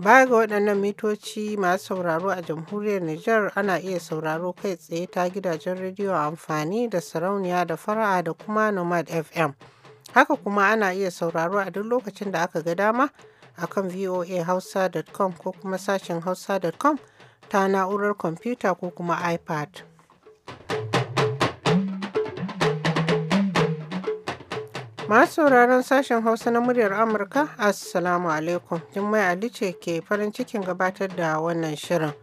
Baya ga waɗannan mitoci masu sauraro a jamhuriyar Nijar ana iya sauraro kai tsaye ta gidajen rediyo amfani da sarauniya da fara'a da kuma Nomad FM. Haka kuma ana iya sauraro a duk lokacin da aka ga dama a kan voahausa.com ko kuma sashen hausa.com ta na'urar kwamfuta ko kuma iPad. Masu sauraron sashen Hausa na muryar Amurka, Assalamu alaikum. Jummai Ali ce ke farin cikin gabatar da wannan shirin.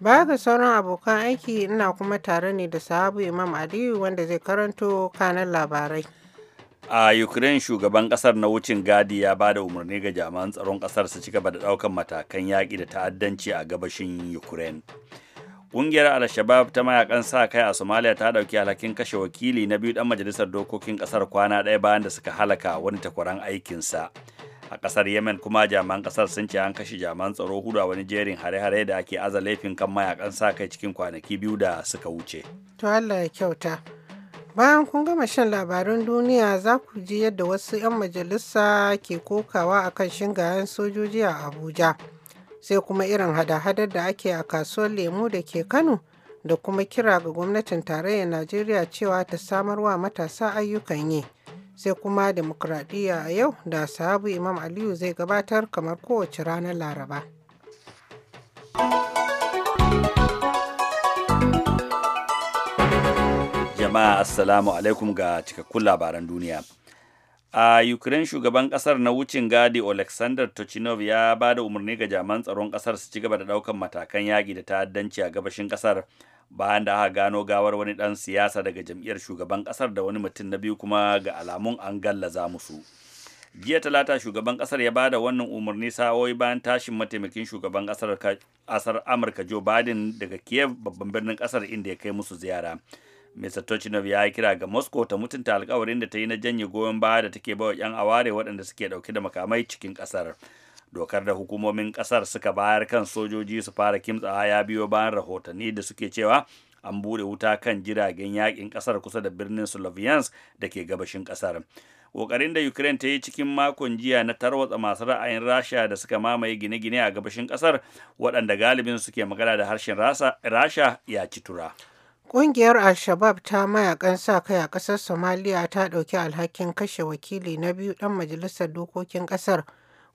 Ba ga sauran abokan aiki ina kuma tare ne da sahabu Imam Aliyu wanda zai karanto kanan labarai. A Ukraine shugaban kasar na wucin gadi ya ba da umarni ga jami'an tsaron kasar su ci da daukan matakan yaƙi da ta'addanci a gabashin Ukraine. Ƙungiyar Al-Shabab ta mayakan sa kai a Somalia ta ɗauki alhakin kashe wakili na biyu dan majalisar dokokin kasar kwana ɗaya bayan da suka halaka wani takwaran aikinsa. A kasar Yemen kuma jami'an kasar sun ce an kashe jami'an tsaro hudu a wani jerin hare-hare da ake aza laifin kan mayakan sa kai cikin kwanaki biyu da suka wuce. To Allah ya kyauta. Bayan kun gama shan labarun duniya za ku ji yadda wasu 'yan majalisa ke kokawa akan shingayen sojoji a Abuja. sai kuma irin hada-hadar da ake a kasuwar lemu da ke Kano da kuma kira ga gwamnatin tarayyar Najeriya cewa ta samarwa matasa ayyukan yi. Sai kuma demokradiyya a yau da sahabu Imam Aliyu zai gabatar kamar kowace ranar Laraba. Jama'a Assalamu alaikum ga cikakkun labaran duniya. a ukraine shugaban kasar na wucin gadi alexander tochinov ya ba da umarni ga jaman tsaron kasar su ci gaba da daukan matakan yaƙi da ta'addanci a gabashin kasar bayan da aka gano gawar wani dan siyasa daga jam'iyyar shugaban kasar da wani mutum na biyu kuma ga alamun an gallaza musu jiya talata shugaban kasar ya ba da wannan umarni sa'o'i bayan tashin mataimakin shugaban kasar amurka joe biden daga kiev babban birnin kasar inda ya kai musu ziyara Mr. Tochinov ya yi kira ga Moscow ta mutunta alkawarin da ta yi na janye goyon baya da take bawa 'yan aware waɗanda suke ɗauke da makamai cikin ƙasar. Dokar da hukumomin ƙasar suka bayar kan sojoji su fara kimtsawa ya biyo bayan rahotanni da suke cewa an buɗe wuta kan jiragen yakin ƙasar kusa da birnin Sloviansk da ke gabashin ƙasar. Ƙoƙarin da Ukraine ta yi cikin makon jiya na tarwatsa masu ra'ayin Rasha da suka mamaye gine-gine a gabashin ƙasar waɗanda galibin suke magana da harshen Rasha ya ci tura. Ƙungiyar Al-Shabab ta mayakan sa-kai a ƙasar Somalia ta ɗauki alhakin kashe wakili na biyu ɗan majalisar dokokin ƙasar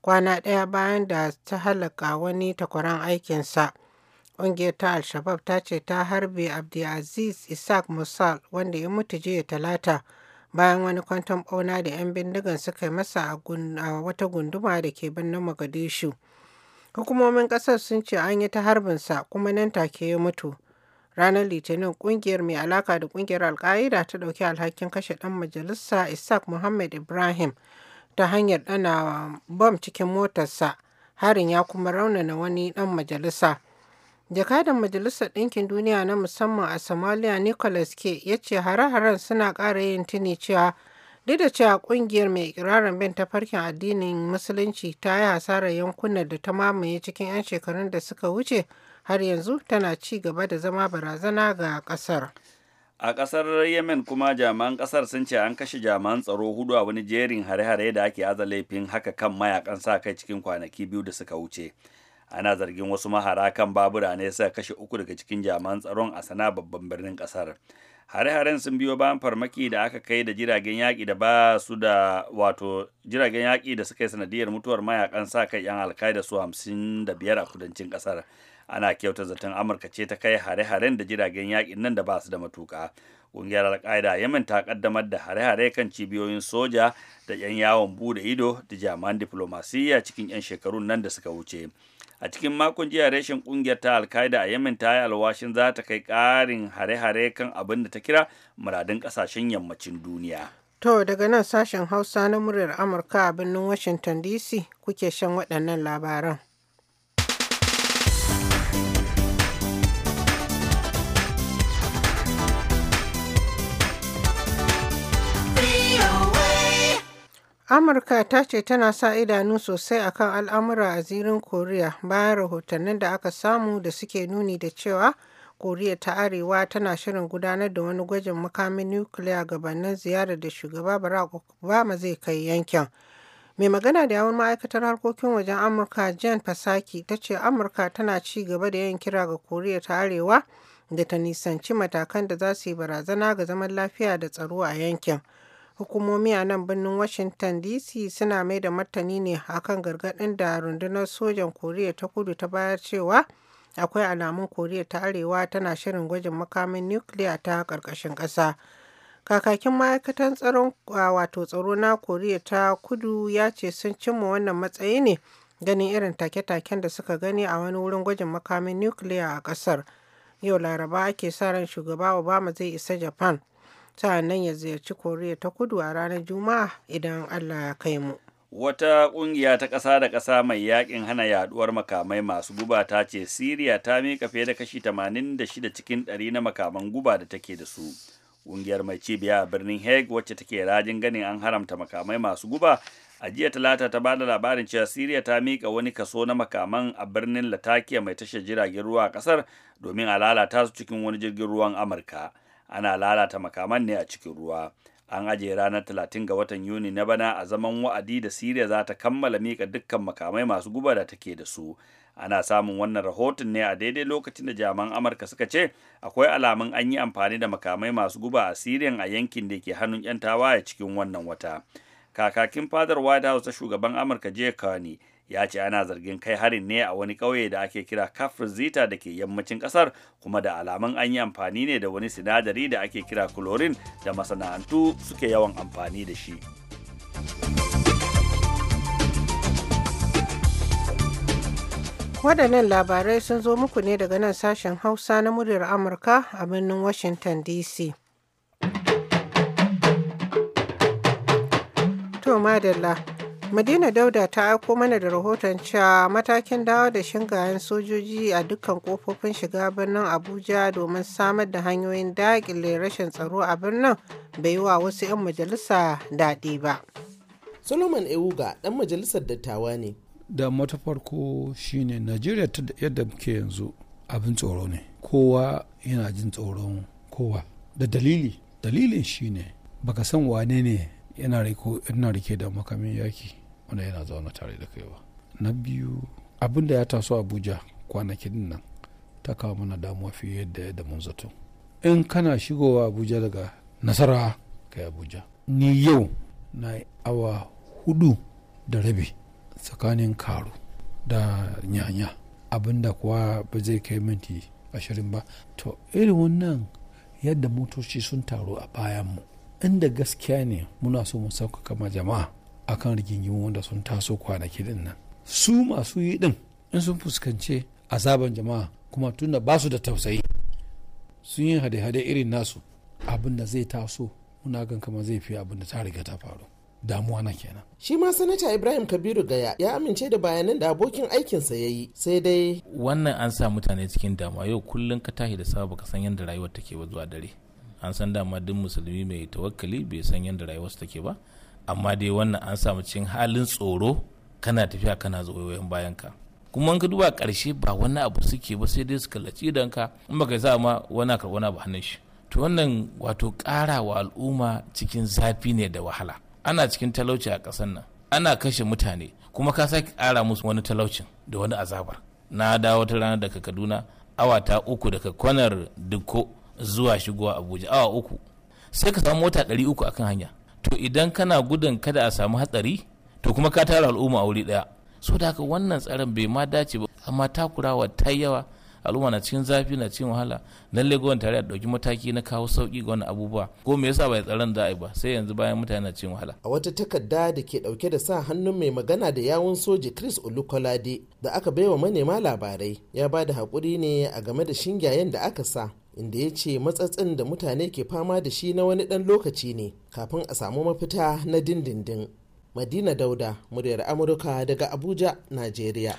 kwana ɗaya bayan da ta halaka wani takwaran aikinsa. Ƙungiyar ta Al-Shabab ta ce ta harbe Abdulaziz Isaac Musal wanda ya mutu jiya talata bayan wani kwanton ɓauna da 'yan bindigan suka yi masa a wata gunduma da ke birnin Mogadishu. Hukumomin ƙasar sun ce an yi ta harbinsa kuma nan take ya mutu. Ranar Litinin kungiyar mai alaka da kungiyar alka'ida ta dauki alhakin kashe dan majalisa Isaac Muhammad Ibrahim ta hanyar dana bam cikin motarsa. Harin ya kuma raunana wani dan majalisa. Jakadan Majalisar Ɗinkin Duniya na musamman a Somalia Nicholas K ya ce hare-haren suna ƙara yin tuni cewa duk da cewa ƙungiyar mai ikirarin bin tafarkin addinin Musulunci ta yi hasarar yankunan da ta mamaye cikin 'yan shekarun da suka wuce, har yanzu tana ci gaba da zama barazana ga kasar. a kasar yemen kuma jami'an kasar sun ce an kashe jami'an tsaro hudu a wani jerin hare-hare da ake aza laifin haka kan mayakan sa kai cikin kwanaki biyu da suka wuce ana zargin wasu mahara kan babura ne suka kashe uku daga cikin jami'an tsaron a sana babban birnin kasar hare-haren sun biyo bayan farmaki da aka kai da jiragen yaƙi da ba su da wato jiragen yaƙi da suka yi sanadiyar mutuwar mayakan sa kai yan alkaida su hamsin da biyar a kudancin kasar. ana kyauta zaton amurka ce ta kai hare-haren da jiragen yakin nan da ba su da matuka ƙungiyar alƙaida yamin ta kaddamar da hare-hare kan cibiyoyin soja da 'yan yawon bude ido da jami'an diflomasiyya cikin 'yan shekarun nan da suka wuce a cikin makon jiya reshen ƙungiyar ta alkaida a yemen ta yi alwashin za ta kai karin hare-hare kan abin da ta kira muradun kasashen yammacin duniya to daga nan sashen hausa na muryar amurka a birnin washington dc kuke shan waɗannan labaran Amurka ta ce tana sa idanu sosai akan al'amura a zirin Koriya bayan rahotannin da aka samu da suke nuni da cewa Koriya ta Arewa tana shirin gudanar da wani gwajin makamin nukiliya gabanin ziyarar da shugaba Barack Obama zai kai yankin. Mai magana da yawon ma'aikatar harkokin wajen Amurka Jan Psaki ta ce Amurka tana ci gaba da yin kira ga Koriya ta Arewa da ta nisanci matakan da za su yi barazana ga zaman lafiya da tsaro a yankin. hukumomi a nan birnin washington dc suna mai da martani ne akan gargaɗin da rundunar sojan koriya ta kudu ta bayar cewa akwai alamun koriya ta arewa tana shirin gwajin makamin nukiliya ta karkashin ƙasa kakakin ma'aikatan tsaron wato tsaro na koriya ta kudu ya ce sun cimma wannan matsayi ne ganin irin take-taken da suka gani a wani wurin gwajin makamin nukiliya a ƙasar yau laraba ake sa ran shugaba obama zai isa japan nan ya ziyarci koriya ta kudu a ranar juma'a idan allah ya kai mu wata kungiya ta ƙasa da ƙasa mai yaƙin hana yaduwar makamai masu guba ta ce siriya ta mika fiye da kashi 86 cikin 100 na makaman guba da take da su ƙungiyar mai cibiya a birnin hague wacce take rajin ganin an haramta makamai masu guba a jiya talata ta bada labarin cewa siriya ta mika wani kaso na makaman a birnin latakia mai tashar jiragen ruwa a ƙasar domin a lalata su cikin wani jirgin ruwan amurka ana lalata makaman ne a cikin ruwa an ajiye ranar talatin ga watan yuni na bana a zaman wa'adi da siriya za ta kammala mika dukkan makamai masu guba da take da su ana samun wannan rahoton ne a daidai lokacin da jaman amurka suka ce akwai alamun an yi amfani da makamai masu guba a siriyan a yankin da ke hannun 'yan tawaye cikin wannan wata kakakin fadar white house ta shugaban amurka jay carney ya ce ana zargin kai harin ne a wani ƙauye da ake kira kafir zita da ke yammacin ƙasar kuma da alamun an yi amfani ne da wani sinadari da ake kira chlorine da masana'antu suke yawan amfani da shi. waɗannan labarai sun zo muku ne daga nan sashen hausa na muryar amurka a birnin washington dc to madalla Madina Dauda ta aiko mana da rahoton cewa matakin dawo da shingayen sojoji a dukkan kofofin shiga birnin Abuja domin samar da hanyoyin daƙile rashin tsaro a birnin bai wa wasu 'yan majalisa daɗi ba. Solomon Ewuga ɗan majalisar dattawa ne. Da mata farko shine Najeriya ta yadda muke yanzu abin tsoro ne. Kowa yana jin tsoron kowa. Da dalili, dalilin shine baka san wane ne yana riko rike da makamin yaki wanda yana zauna tare da kaiwa. na biyu abin da ya taso abuja kwanakin nan ta kawo mana damuwa fiye da yadda mun zato in kana shigowa abuja daga nasara kai abuja ni yau na awa hudu da rabi tsakanin karu da nyanya abinda kuwa ba zai kai minti ashirin ba to irin wannan yadda motoci sun taru a bayanmu inda gaskiya ne muna so mu sauƙaƙa ma jama'a akan rigingimu wanda sun taso kwanaki din nan su masu yi din in sun fuskance azaban jama'a kuma tunda ba su da tausayi sun yi hade-hade irin nasu abin da zai taso muna gan kama zai fi abin da ta riga ta faru damuwa na kenan. Shi ma sanata Ibrahim Kabiru Gaya ya amince da bayanan da abokin aikinsa ya yi sai dai. Wannan an sa mutane cikin damuwa yau kullum ka tashi da sabu ka san yadda rayuwar take zuwa dare. an san dama duk musulmi mai tawakkali bai san yadda rayuwarsu take ba amma dai wannan an samu cin halin tsoro kana tafiya kana zoyoyin bayan ka kuma ka duba karshe ba wani abu suke ba sai dai su kallaci idan ka in baka sa ma wani aka wani abu hannun shi to wannan wato ƙara wa al'umma cikin zafi ne da wahala ana cikin talauci a ƙasar nan ana kashe mutane kuma ka sake ƙara musu wani talaucin da wani azabar na dawo wata rana daga kaduna awa ta uku daga kwanar dukko zuwa shigowa abuja awa uku sai ka samu mota ɗari uku akan hanya to idan kana gudun kada a samu hatsari to kuma ka tara al'umma a wuri ɗaya so da haka wannan tsarin bai ma dace ba amma takurawa ta yawa al'umma na cikin zafi na cikin wahala nan lagos tare a ɗauki mataki na kawo sauki ga wannan abubuwa ko me yasa bai tsaron da ai ba sai yanzu bayan mutane na cikin wahala a wata takarda da ke ɗauke da sa hannun mai magana da yawun soji Chris Olukolade da aka baiwa manema labarai ya bada da hakuri ne a game da shingayen da aka sa inda ya ce matsatsin da mutane ke fama da shi na wani ɗan lokaci ne kafin a samu mafita na dindindin. Madina Dauda, muryar Amurka daga Abuja, Najeriya.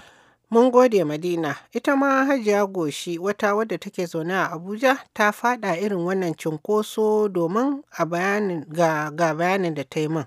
Mun gode Madina, ita ma Hajiya Goshi wata wadda take zaune a Abuja ta fada irin wannan cinkoso domin a bayanin ga, bayanin da ta yi min.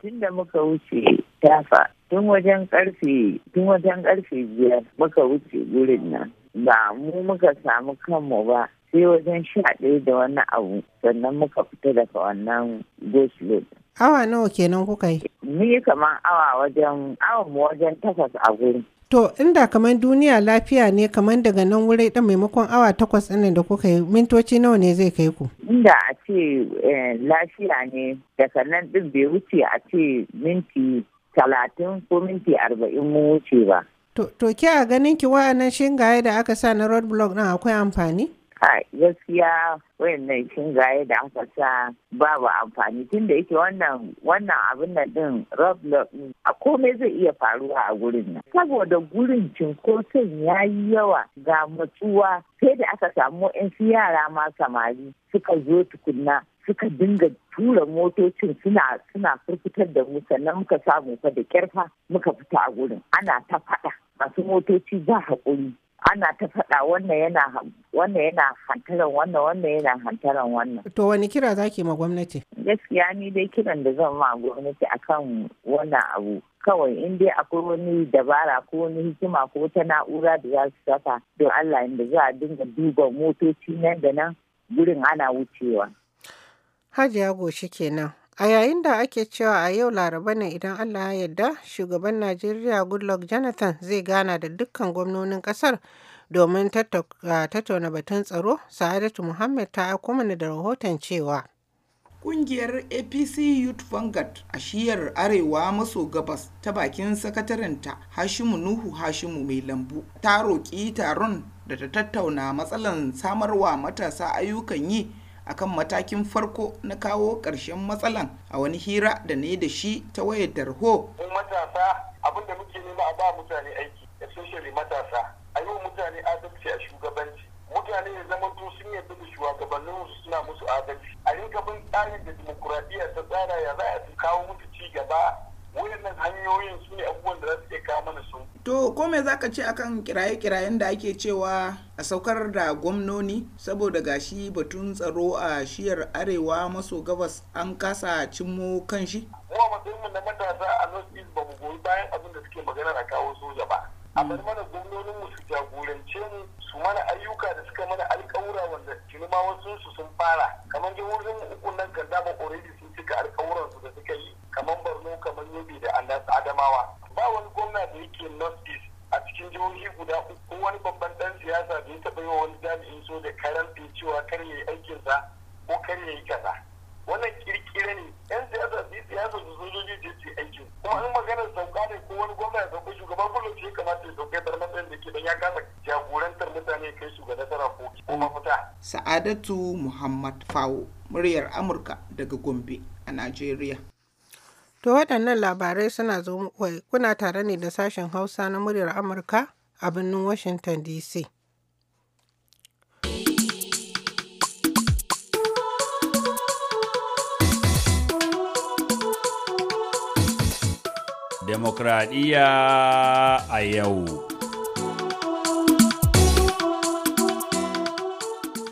tunda muka wuce tafa, tun wajen karfe tun wajen karfe biyar muka wuce gurin nan. Ba mu muka samu kanmu ba, sai wajen shaɗe da wani abu sannan muka fita daga wannan gosulo awa nawa kenan kuka yi ni kamar awa wajen awa mu wajen takwas a gurin To inda kamar duniya lafiya ne kamar daga nan wurai ɗan maimakon awa takwas ɗinnan da kuka yi mintoci nawa ne zai kai ku? Inda a ce eh, lafiya ne daga nan ɗin bai wuce a ce minti talatin ko minti arba'in mu wuce ba. To, to ke a ganin ki wa'annan shingaye da aka sa na roadblock ɗin akwai amfani? a gaskiya wayannan shingaye da aka sa babu amfani tun da yake wannan wannan abin nan din roadblock a komai zai iya faruwa a gurin na. saboda gurin cinkoson ya yi yawa ga matsuwa sai da aka samu 'yan yara ma samari suka zo tukunna suka dinga tura motocin suna suna furfitar da mu sannan muka samu fa da kyarfa muka fita a gurin ana ta faɗa masu motoci ba haƙuri ana ta faɗa wannan yana wannan hantaran wannan wannan yana hantaran wannan. To wani kira za ki ma gwamnati? Gaskiya ni dai kiran da zan ma gwamnati kan wannan abu. Kawai in dai akwai wani dabara ko wani hikima ko ta na'ura da za su saka don Allah inda za a dinga duba motoci nan da nan gurin ana wucewa. Hajiya goshi kenan A yayin da ake cewa a yau Laraba ne idan Allah ya yarda, Shugaban Najeriya Goodluck Jonathan zai gana da dukkan gwamnonin ƙasar domin tattauna batun tsaro, Sa'adatu Muhammad ta aiko mana da rahoton cewa. Kungiyar APC Youth Vanguard a shiyar Arewa maso gabas ta bakin sakatarinta Hashimu Nuhu Hashimu mai lambu ta roƙi taron da ta tattauna matsalan samarwa matasa ayyukan yi akan matakin farko na kawo ƙarshen matsalan a wani hira da ne da shi ta wayar tarho. Mun matasa abin da muke nema a ba mutane aiki, especially matasa. A yi wa mutane adalci a shugabanci. Mutane ya zama to sun yarda da shugabannin su suna musu adalci. A rinka bin tsarin da dimokuraɗiyya ta tsara ya za a kawo mutu ci gaba. Wayannan hanyoyin su ne abubuwan da za su To ko me ka ce akan kiraye-kirayen da ake cewa a saukar da gwamnoni saboda gashi batun tsaro a shiyar arewa maso gabas an kasa cimmo kan shi? Kuma matsayin na matasa a North East ba mu goyi bayan abin da suke magana a kawo soja ba. A bar mana gwamnonin mu su jagorance mu su mana ayyuka da suka mana alkawura wanda cinima wasu su sun fara kamar jihohin uku nan kan dama already sun cika alkawuran su da suka yi kamar Borno kamar Yobe da Adamawa. da yake north east a cikin jihohi guda uku wani babban dan siyasa da ya taɓa yi wa wani jami'in so da karamfin cewa kar ya yi aikinsa ko kar ya yi kaza wannan kirkira ne yan siyasa su yi siyasa su sojoji je su aikin kuma an magana sauka ne ko wani gwamna ya sauka shugaban kullum ya kamata ya sauka bar matsayin da ke dan ya kasa jagorantar mutane kai su ga nasara ko kuma fita. Sa'adatu Muhammad Fawo muryar Amurka daga Gombe a Najeriya. To waɗannan labarai suna zo kwai kuna tare ne da sashen Hausa na muryar Amurka a birnin Washington DC. Demokradiyya a yau.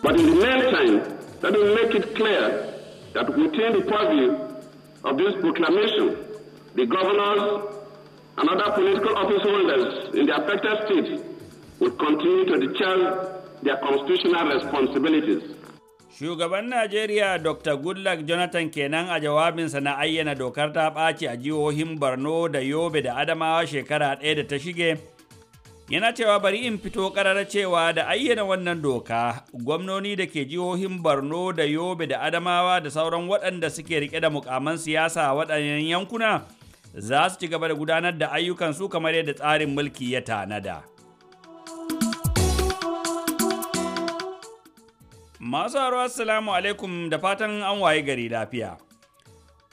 But in the meantime, let me make it clear that within the of this proclamation, the governors and other political office holders in the affected states will continue to discharge their constitutional responsibilities. Shugaban Najeriya Dr. Goodluck Jonathan kenan a jawabinsa na ayyana dokar ta ɓaci a jihohin Borno da Yobe da Adamawa shekara ɗaya da ta shige. yana cewa bari in fito karara cewa da ayyana wannan doka gwamnoni da ke jihohin borno da yobe da adamawa da sauran waɗanda suke rike da mukaman siyasa a waɗannan yankuna za su ci gaba da gudanar da ayyukan su kamar yadda tsarin mulki ya tanada. Masu haro assalamu alaikum da fatan an waye gari lafiya.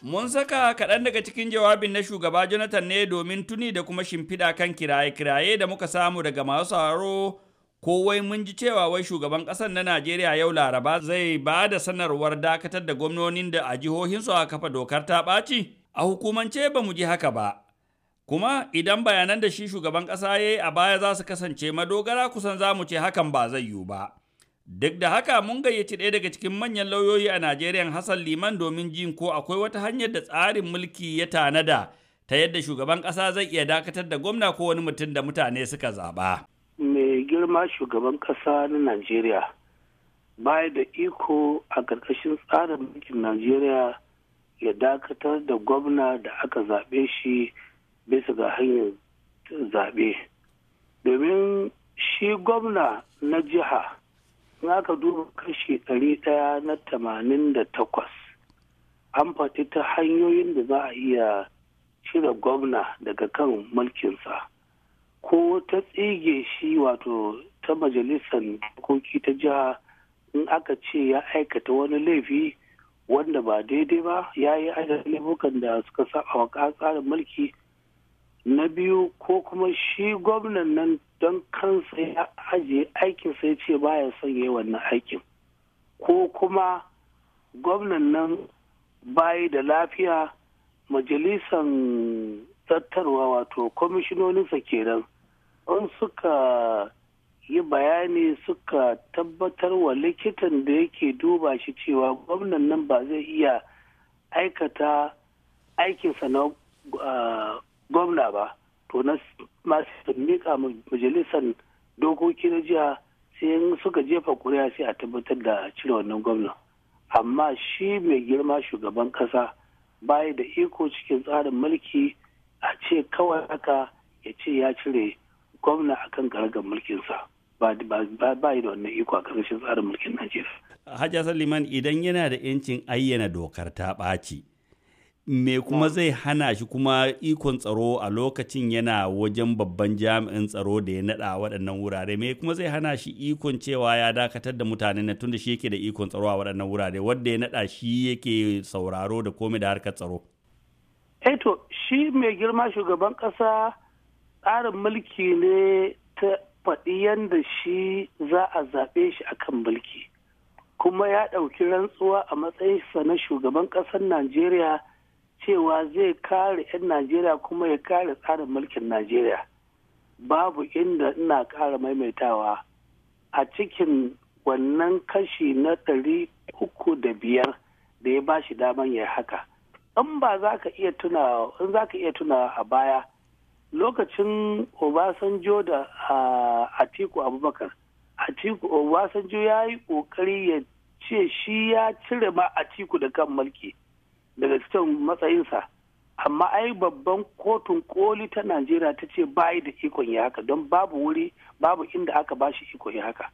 Mun saka kaɗan daga cikin jawabin na shugaba Jonathan ne domin tuni da kuma shimfiɗa kan kiraye-kiraye da muka samu daga masu sauraro ko wai mun ji cewa wai shugaban ƙasar na Najeriya yau Laraba zai ba da sanarwar dakatar da gwamnonin da a jihohinsu a kafa dokar ta ɓaci? A hukumance ba mu ji haka ba. Kuma idan bayanan da shi shugaban ƙasa ya yi a baya za su kasance madogara kusan za mu ce hakan ba zai yiwu ba. Duk da haka mun gayyaci ɗaya daga cikin manyan lauyoyi a Najeriya Hassan Liman domin jin ko akwai wata hanyar da tsarin mulki ya tanada ta yadda shugaban ƙasa zai iya dakatar da gwamna ko wani mutum da mutane suka zaɓa. Mai girma shugaban ƙasa na Najeriya baya da iko a ƙarƙashin tsarin mulkin Najeriya ya dakatar da gwamna da aka zaɓe shi bisa ga hanyar zaɓe. Domin shi gwamna na jiha in aka duba kashi ɗari ɗaya na tamanin da takwas an fati ta hanyoyin da za a iya cire gwamna daga kan mulkinsa ko ta tsige shi wato ta majalisar dokoki ta jiha in aka ce ya aikata wani laifi wanda ba daidai ba ya yi aikata laifukan da suka saba wa tsarin mulki na biyu ko kuma shi gwamnan nan don kansa ya ajiye aikin sai ce baya son yi wannan aikin ko kuma gwamnan nan bayi da lafiya majalisan tattarwa wato kwamishinoninsa kenan in suka yi bayani suka tabbatar wa likitan da yake duba shi cewa gwamnan nan ba zai iya aikata aikinsa na ah, gwamna ba to na masu mika majalisar dokoki na jiha sai suka jefa kuri'a sai a tabbatar da cire wannan gwamna amma shi mai girma shugaban kasa baya da iko cikin tsarin mulki a ce kawai haka ya ce ya cire gwamna akan karagar mulkinsa ba yi da wannan iko a karshen tsarin mulkin najeriya hajja liman idan yana da 'yancin ayyana dokar ta ɓaci me kuma zai hana shi kuma ikon tsaro a lokacin yana wajen babban jami'in tsaro da ya naɗa waɗannan wurare me kuma zai hana shi ikon cewa ya dakatar da mutane na tunda shi yake da ikon tsaro a waɗannan wurare wanda ya naɗa shi yake sauraro da komai da harkar tsaro eto eh shi mai girma shugaban ƙasa tsarin mulki ne ta faɗi yadda shi za a zaɓe shi akan mulki kuma ya ɗauki rantsuwa a matsayinsa na shugaban ƙasar najeriya cewa zai kare 'yan najeriya kuma ya kare tsarin mulkin najeriya babu inda ina ƙara maimaitawa a cikin wannan kashi na ɗari uku da biyar da ya ba shi daman ya haka in ba za ka iya tunawa in a baya lokacin obasanjo da atiku abubakar atiku obasanjo ya yi ƙoƙari ya ce shi ya cire ma atiku da kan mulki daga cikin matsayinsa amma ai babban kotun koli ta najeriya ta ce bayi da ikon ya haka don babu wuri babu inda aka ba shi ikon ya haka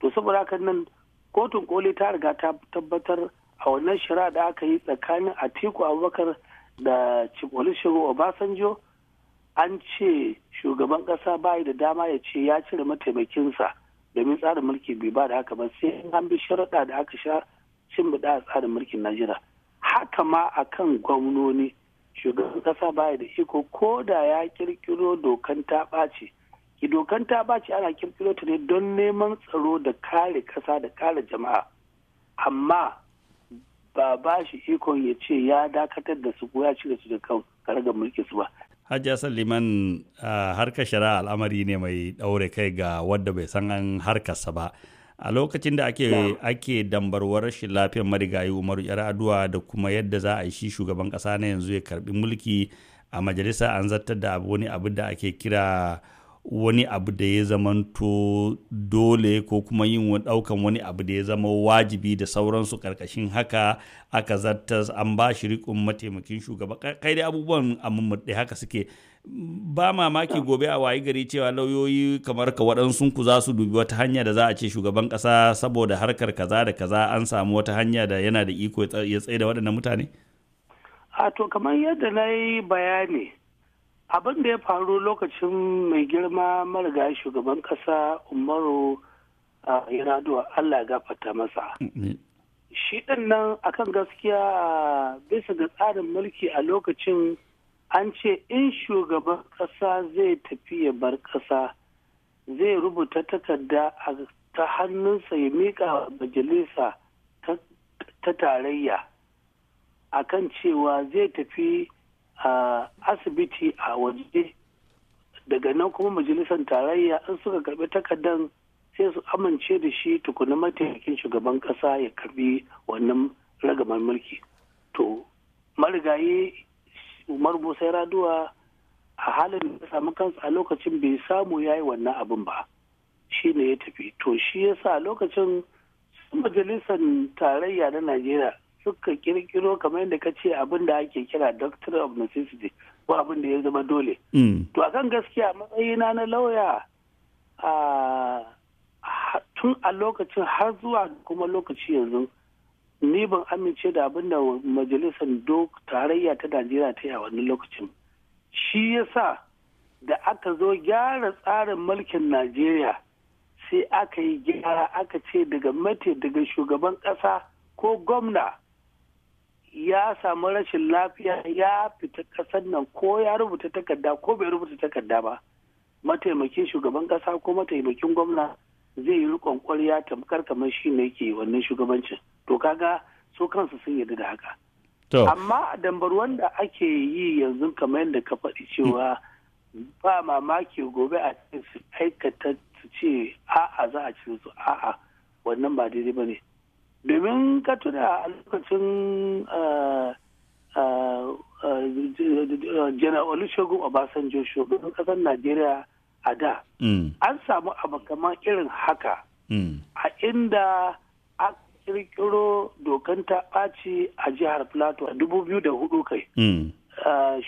to saboda haka nan kotun koli ta riga ta tabbatar a wannan shari'a da aka yi tsakanin atiku abubakar da cikolishiro obasanjo an ce shugaban kasa bayi da dama ya ce ya cire mataimakinsa domin tsarin mulki bai ba da haka ba sai an bi sharaɗa da aka sha shimbiɗa a tsarin mulkin najeriya haka ma a kan gwamnoni shugaban kasa baya da iko ko da ya kirkiro dokan ta ɓaci dokan ta ɓaci ana kirkiro ta ne don neman tsaro da kare kasa da kare jama'a amma ba ba shi ikon ya ce ya dakatar da su ya cire su da kan karagar mulki su ba Hajji Hassan Liman harkar shari'a al'amari ne mai ɗaure kai ga wadda bai san an harkarsa ba. a lokacin da ake ake dambarwar rashin lafiyar marigayi umaru yar'adua da kuma yadda za a yi shi shugaban kasa na yanzu ya karbi mulki a majalisa an zartar da wani abu da ake kira wani abu da ya zamanto dole ko kuma yin daukan wani abu da ya zama wajibi da sauransu karkashin haka aka zartas an ba shi rikon mataimakin shugaba kai da abubuwan amma haka suke ba mamaki gobe a wayi gari cewa lauyoyi kamar ka waɗansu ku za su dubi wata hanya da za a ce shugaban ƙasa saboda harkar kaza da kaza an samu wata hanya da yana da iko ya tsaye da waɗannan mutane? A to kamar yadda na yi bayani abin da ya faru lokacin mai girma marga shugaban ƙasa Umaru Yar'adua Allah ya gafarta masa. Mm-hmm. Shi ɗin nan akan gaskiya bisa ga tsarin mulki a lokacin an ce in shugaban ƙasa zai tafi ya bar ƙasa zai rubuta takarda ta hannunsa ya miƙa majalisa ta tarayya a kan cewa zai tafi a asibiti a waje daga nan kuma majalisar tarayya in suka karbi takardan sai su amince da shi tukuna mataimakin shugaban kasa ya karbi wannan ragamar mulki to marigayi umar ya raduwa a halin da samu kansa a lokacin bai samu ya yi wannan abin ba shi ne ya tafi to shi ya sa lokacin majalisar tarayya na najeriya suka kirkiro kamar yadda ka ce abin da ake kira doctor of necessity ko abin da ya zama dole mm. to a kan gaskiya matsayina na lauya tun a lokacin har zuwa kuma lokaci yanzu ni ban amince da abin da majalisar tarayya ta najeriya ta yi a wannan lokacin shi yasa da aka zo gyara tsarin mulkin najeriya sai aka yi gyara aka ce daga mate daga shugaban ƙasa ko gwamna ya samu rashin lafiya ya fita ƙasar nan ko ya rubuta takarda ko bai rubuta takarda ba mataimakin shugaban ƙasa ko mataimakin gwamna zai yi rikon kwarya tamkar kamar shi ne yake wannan shugabancin to kaga su kansu sun yarda da haka amma dambarwan da ake yi yanzu kamar yadda ka faɗi cewa ba mamaki gobe a su aikata su ce a'a za a ci su a'a wannan ba daidai ba ne domin ka tuna a lokacin janar eh, eh, eh, olusegun obasanjo shugaban kasar najeriya a da mm. an samu abu kamar irin haka mm. a inda a kirkiro dokan ta ɓaci a jihar plateau a dubu biyu da hudu kai mm.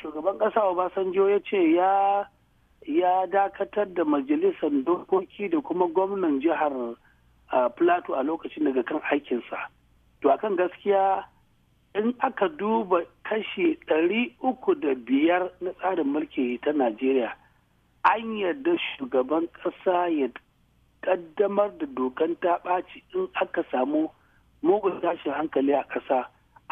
shugaban ƙasa obasanjo ya ce ya ya dakatar da majalisar dokoki da kuma gwamnan jihar plateau a lokacin daga kan aikinsa to akan gaskiya in aka duba kashi ɗari uku da biyar na tsarin mulki ta najeriya an yarda shugaban ƙasa ya ƙaddamar da dokan ta ɓaci in aka samu mugun tashin hankali a ƙasa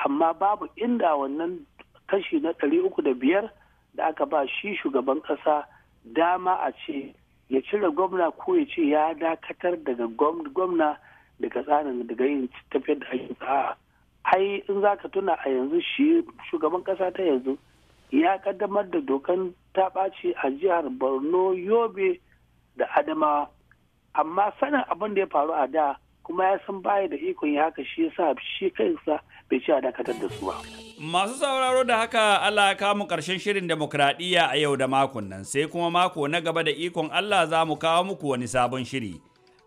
amma babu inda wannan kashi na ɗari uku da biyar da aka ba shi shugaban ƙasa dama a ce ya cire gwamna ko ya ce ya dakatar daga gwamna daga tsarin daga yin tafiyar da ayyuka ai in za ka tuna a yanzu shi shugaban ƙasa ta yanzu ya kaddamar da dokan ta ɓaci a jihar borno yobe da adamawa amma sanin abin da ya faru a da kuma ya san baya da ikon ya haka shi yasa shi kansa bai ci a dakatar da su ba. Masu sauraro da haka Allah ya kamu karshen shirin demokradiyya a yau da makon nan sai kuma mako na gaba da ikon Allah za mu kawo muku wani sabon shiri.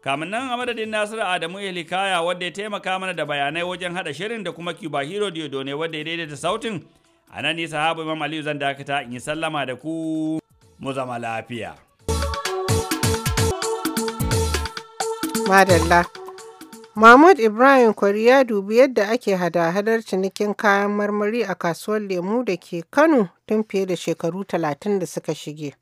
Kamin nan a madadin Nasiru Adamu Elikaya wadda ya taimaka mana da bayanai wajen hada shirin da kuma Cuba Hero Diodo ne wadda ya daidaita sautin a nan nisa Habu imam aliyu zan dakata in yi sallama da ku mu zama lafiya madalla mahmud ibrahim kwari ya dubi yadda ake hada-hadar cinikin kayan marmari a kasuwar lemu da ke kano tun fiye da shekaru talatin da suka shige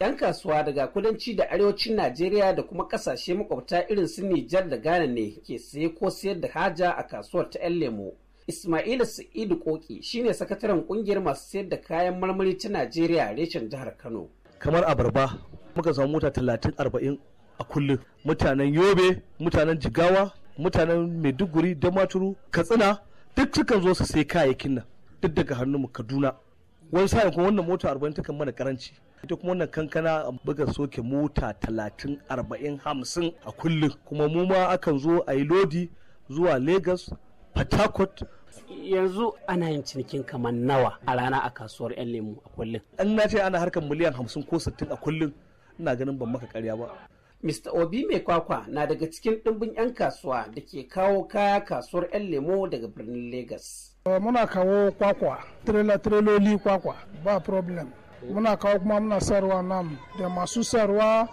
'yan kasuwa daga kudanci da arewacin najeriya da kuma kasashe makwabta irin su nijar da ghana ne ke saye ko sayar da haja a kasuwar ta 'yan lemu. Ismail Sa'idu Koki shine sakataren kungiyar masu sayar da kayan marmari ta Najeriya reshen jihar Kano. Kamar abarba muka samu mota talatin arba'in a kullum mutanen Yobe, mutanen Jigawa, mutanen Maiduguri, Damaturu, Katsina duk sukan zo su sai kayayyakin nan duk daga hannunmu Kaduna. Wani sa'in kuma wannan mota arba'in kan mana karanci. ita kuma wannan kankana buga soke mota talatin arba'in hamsin a kullum kuma mu ma akan zo a yi lodi zuwa lagos fatakot yanzu ana yin cinikin kamar nawa a rana a kasuwar 'yan lemu a kullum. An na ce ana harkar miliyan hamsin ko sittin a kullum ina ganin ban maka karya ba. Mr. Obi mai kwakwa na daga cikin ɗimbin 'yan kasuwa da ke kawo kaya kasuwar 'yan lemo daga birnin Legas. Eh, muna kawo kwakwa, trela tireloli kwakwa ba problem. Muna kawo kuma muna sarwa nan da masu sarwa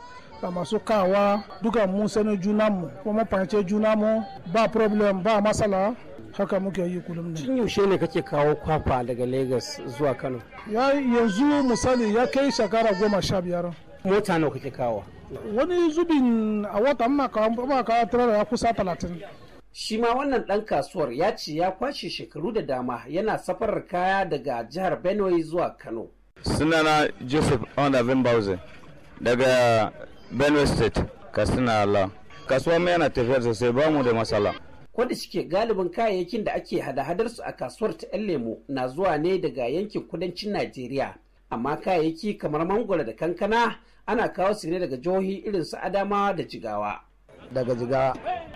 da masu kawa duka mun sani junanmu kuma mu junanmu ba problem ba masala. haka muke yi kullum ne tun yaushe ne kake kawo kwakwa daga lagos zuwa kano yanzu misali ya kai shekara goma sha biyar mota nawa kake kawo wani zubin a wata ma kawo tara ya kusa talatin shi ma wannan dan kasuwar ya ce ya kwashe shekaru da dama yana safarar kaya daga jihar benue zuwa kano sunana joseph onda vimbauze daga benue state kasuwa mai yana tafiyar sosai ba mu da matsala wanda suke galibin kayayyakin da ake hada-hadar su a kasuwar ta 'yan lemo na zuwa ne daga yankin kudancin najeriya amma kayayyaki kamar mangwaro da kankana ana kawo su ne daga jihohi irin su adamawa da jigawa daga jiga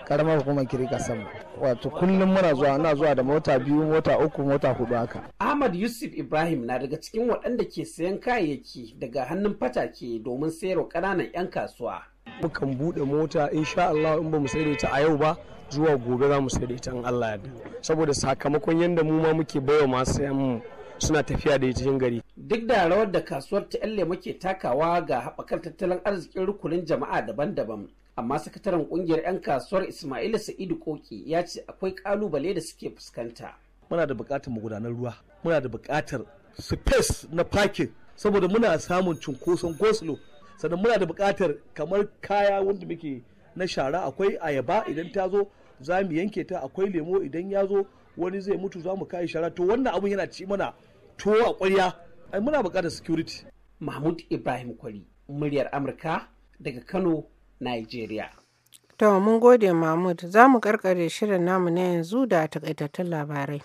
karamar hukumar kirika sama wato kullum muna zuwa ana zuwa da mota biyu mota uku mota hudu haka ahmad yusuf ibrahim na daga cikin waɗanda ke sayan kayayyaki daga hannun fatake domin sayarwa ƙananan 'yan kasuwa mukan buɗe mota insha Allah in ba mu sayar da ta a yau ba zuwa gobe za mu sai da ita in Allah ya saboda sakamakon yadda mu ma muke baiwa masu sayan mu suna tafiya da cikin gari duk da rawar da kasuwar ta yalle muke takawa ga haɓakar tattalin arzikin rukunin jama'a daban-daban amma sakataren kungiyar 'yan kasuwar ismail sa'idu koki ya ce akwai kalubale da suke fuskanta muna da buƙatar magudanar ruwa muna da buƙatar space na parking saboda muna samun cunkoson goslo sannan muna da buƙatar kamar kaya wanda muke na shara akwai ayaba idan ta zo za mu yanke ta akwai lemo idan ya zo wani zai mutu za mu kai shara to wannan abun yana ci mana to a kwarya ai muna buƙatar security mahmud ibrahim kwari muryar amurka daga kano nigeria to mun gode mahmud za mu karkare shirin namu na yanzu da takaitattun labarai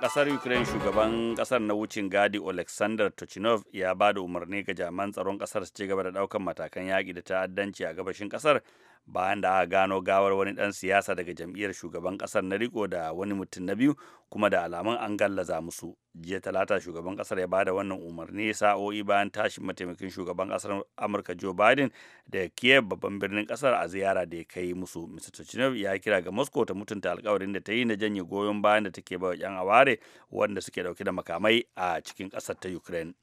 kasar ukraine shugaban kasar na wucin gadi alexander tuchinov ya ba da umarni ga jaman tsaron kasar su ci gaba da daukan matakan yaƙi da ta'addanci a gabashin kasar bayan da aka gano gawar wani dan siyasa daga jam'iyyar shugaban ƙasar na riko da wani mutum na biyu kuma da alamun an gallaza musu jiya talata shugaban ƙasar ya bada wannan umarni sa'o'i bayan tashin mataimakin shugaban ƙasar amurka joe biden da kiev babban birnin ƙasar a ziyara da ya kai musu mr tuchinov ya kira ga moscow ta mutunta alkawarin da ta yi na janye goyon bayan da take ba 'yan aware wanda suke dauke da makamai a cikin ƙasar ta ukraine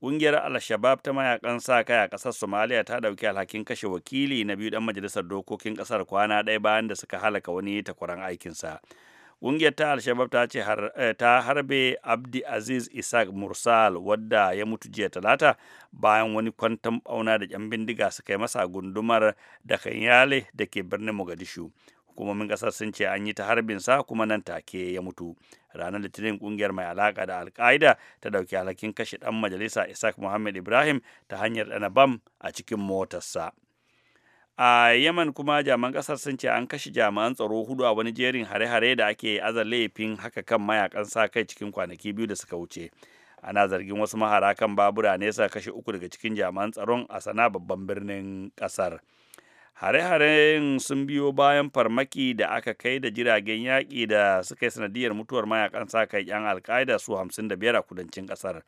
Ƙungiyar Al-Shabab ta mayakan sa kai a ƙasar Somalia ta ɗauki alhakin kashe wakili na biyu ɗan majalisar dokokin ƙasar kwana ɗaya bayan da suka halaka wani takwaran aikinsa. Ƙungiyar ta Al-Shabab ta ce eh, ta harbe Abdi Aziz Isaac Mursal wadda ya mutu jiya talata bayan wani kwantan ɓauna da 'yan bindiga suka yi masa gundumar da Kanyale da ke birnin Mogadishu. hukumomin kasar sun ce an yi ta harbin sa kuma nan take ya mutu ranar litinin kungiyar mai alaka da alkaida ta dauki alhakin kashe dan majalisa isaac muhammad ibrahim ta hanyar dana bam a cikin motarsa a yaman kuma jaman kasar sun ce an kashe jami'an tsaro hudu a wani jerin hare-hare da ake aza laifin haka kan mayakan sa kai cikin kwanaki biyu da suka wuce ana zargin wasu mahara kan babura nesa kashe uku daga cikin jami'an tsaron a sana babban birnin kasar hare-haren sun biyo bayan farmaki da aka kai da jiragen yaƙi da suka yi sanadiyar mutuwar mayakan sa kai 'yan alkaida su 55 a kudancin kasar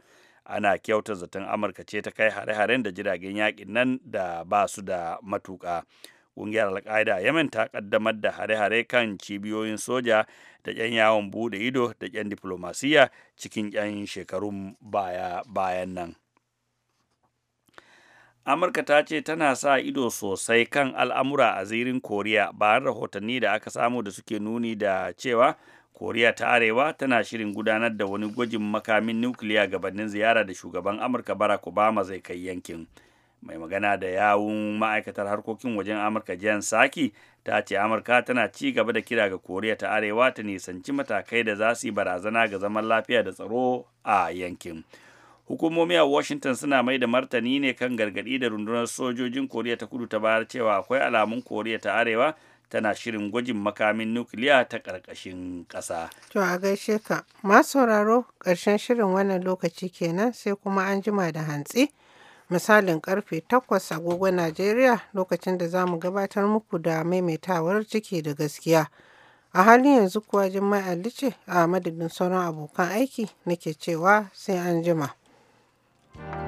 ana kyautar zaton amurka ce ta kai hare-haren da jiragen yaƙin nan da ba su da matuƙa ƙungiyar alkaida yemen ta ƙaddamar da hare-hare kan cibiyoyin soja da 'yan yawon bude ido da 'yan diflomasiya cikin 'yan shekarun baya-bayan nan. amurka ta ce tana sa ido sosai kan al'amura a zirin koriya bayan rahotanni da aka samu da suke nuni da cewa koriya ta arewa tana shirin gudanar da wani gwajin makamin nukiliya gabanin ziyara da shugaban amurka barack obama zai kai yankin mai magana da yawun ma'aikatar harkokin wajen amurka jan saki ta ce amurka tana ci gaba da kira ga koriya ta arewa ta nisanci matakai da za su yi barazana ga zaman lafiya da tsaro a yankin. hukumomi a washington suna mai da martani ne kan gargaɗi da rundunar sojojin koriya ta kudu ta bayar cewa akwai alamun koriya ta arewa tana shirin gwajin makamin nukiliya ta ƙarƙashin ƙasa. To a gaishe ka, masu sauraro karshen shirin wannan lokaci kenan sai kuma an jima da hantsi. Misalin karfe 8 agogon Najeriya lokacin da za mu gabatar muku da maimaitawar ciki da gaskiya. A halin yanzu kuwa Jummai Ali a madadin sauran abokan aiki nake cewa sai an jima. Bye.